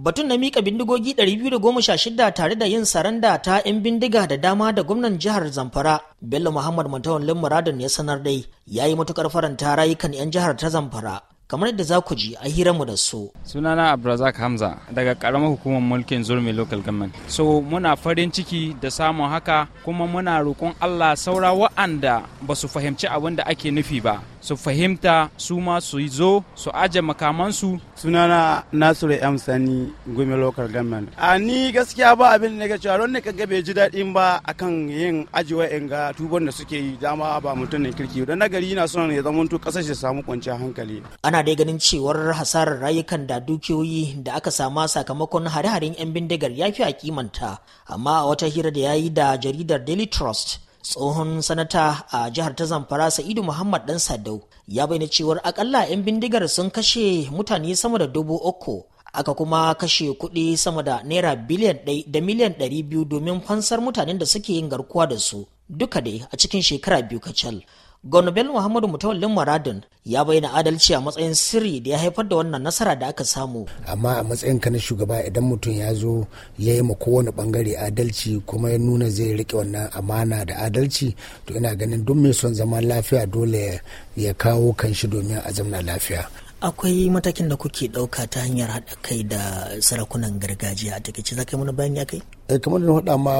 Batun na mika bindigogi 216 tare da yin saranda ta 'yan bindiga da dama da gwamnan jihar Zamfara, Bello Muhammad Mantawan Limuradun ya sanar dai, ya yi matukar faranta rayukan 'yan jihar ta Zamfara. Kamar yadda za ku ji a mu da su. Sunana Abdulrazak Hamza daga karamar hukumar mulkin Zurmi Local Government. So muna farin ciki da samun haka kuma muna roƙon Allah saura wa'anda ba su fahimci abin da ake nufi ba. su fahimta su ma su zo su aje makamansu sunana nasiru m sani gumi local government a ni gaskiya ba abin da ga cewa don ne kaga bai ji daɗin ba akan yin ajiwa in ga tubon da suke yi dama ba mutum ne kirki don nagari na son ya zama kasar shi samu kwanciyar hankali ana dai ganin cewar hasarar rayukan da dukiyoyi da aka sama sakamakon hare-haren yan bindigar ya fi a kimanta amma a wata hira da ya yi da jaridar daily trust tsohon sanata a jihar ta zamfara sa'idu muhammad dan sadau ya bayyana cewar akalla 'yan bindigar sun kashe mutane sama da dubu uku aka kuma kashe kuɗi sama da naira biliyan da miliyan ɗari biyu domin fansar mutanen da suke yin garkuwa da su duka dai a cikin shekara biyu kacal Gonobel Muhammadu Mutawallin Maradun ya bayyana adalci a matsayin sirri da ya haifar da wannan nasara da aka samu. Amma a matsayin ka na shugaba idan mutum ya zo ya yi ma kowane bangare adalci kuma ya nuna zai rike wannan amana da adalci to ina ganin duk mai son zaman lafiya dole ya kawo kanshi domin a zamna lafiya. akwai matakin da kuke ɗauka ta hanyar haɗa kai da sarakunan gargajiya a takaice za ka yi mana bayani akai kai. Eh, kamar da faɗa ma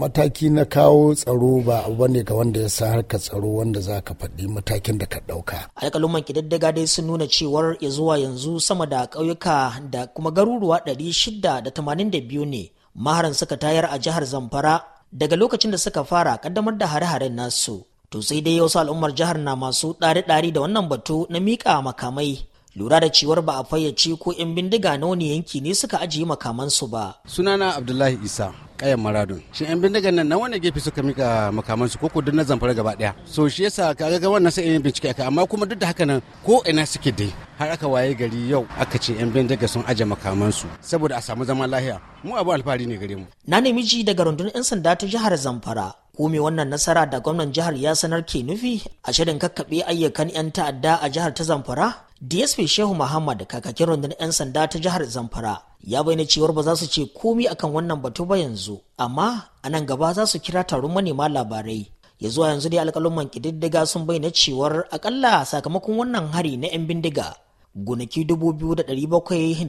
mataki na kawo tsaro ba abu bane ga wanda ya sa harka tsaro wanda za ka faɗi matakin da ka ɗauka alƙaluman ƙididdiga dai sun nuna cewar ya zuwa yanzu sama da ƙauyuka da kuma garuruwa ɗari shida da tamanin da biyu ne maharan suka tayar a jihar zamfara daga lokacin da suka fara ƙaddamar da hare-haren nasu to sai dai wasu al'ummar jihar na masu ɗari-ɗari da wannan batu na miƙa makamai lura da cewar ba a fayyace ko 'yan bindiga na wani yanki ne suka ajiye makamansu ba. Sunana Abdullahi Isa kayan maradun shi yan bindigan nan na wannan gefe suka mika makamansu ko ko na zamfara gaba daya so shi yasa kaga ga wannan sai yan bincike aka amma kuma duk da haka nan ko ina suke dai har aka waye gari yau aka ce yan bindiga sun aje su. saboda a samu zaman lahiya mu abu alfahari ne gare mu na nemi ji daga rundunar yan sanda ta jihar zamfara ko wannan nasara da gwamnan jihar ya sanar ke nufi a shirin kakkaɓe ayyukan 'yan ta'adda a jihar ta zamfara dsp shehu muhammad kakakin rundunar 'yan sanda ta jihar zamfara ya bayyana cewar ba za su ce komi akan wannan batu ba yanzu amma a nan gaba za su kira taron manema labarai ya zuwa yanzu dai alƙalumman ƙididdiga sun bayyana cewar akalla sakamakon wannan hari na 'yan bindiga gonaki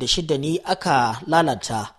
shida ne aka lalata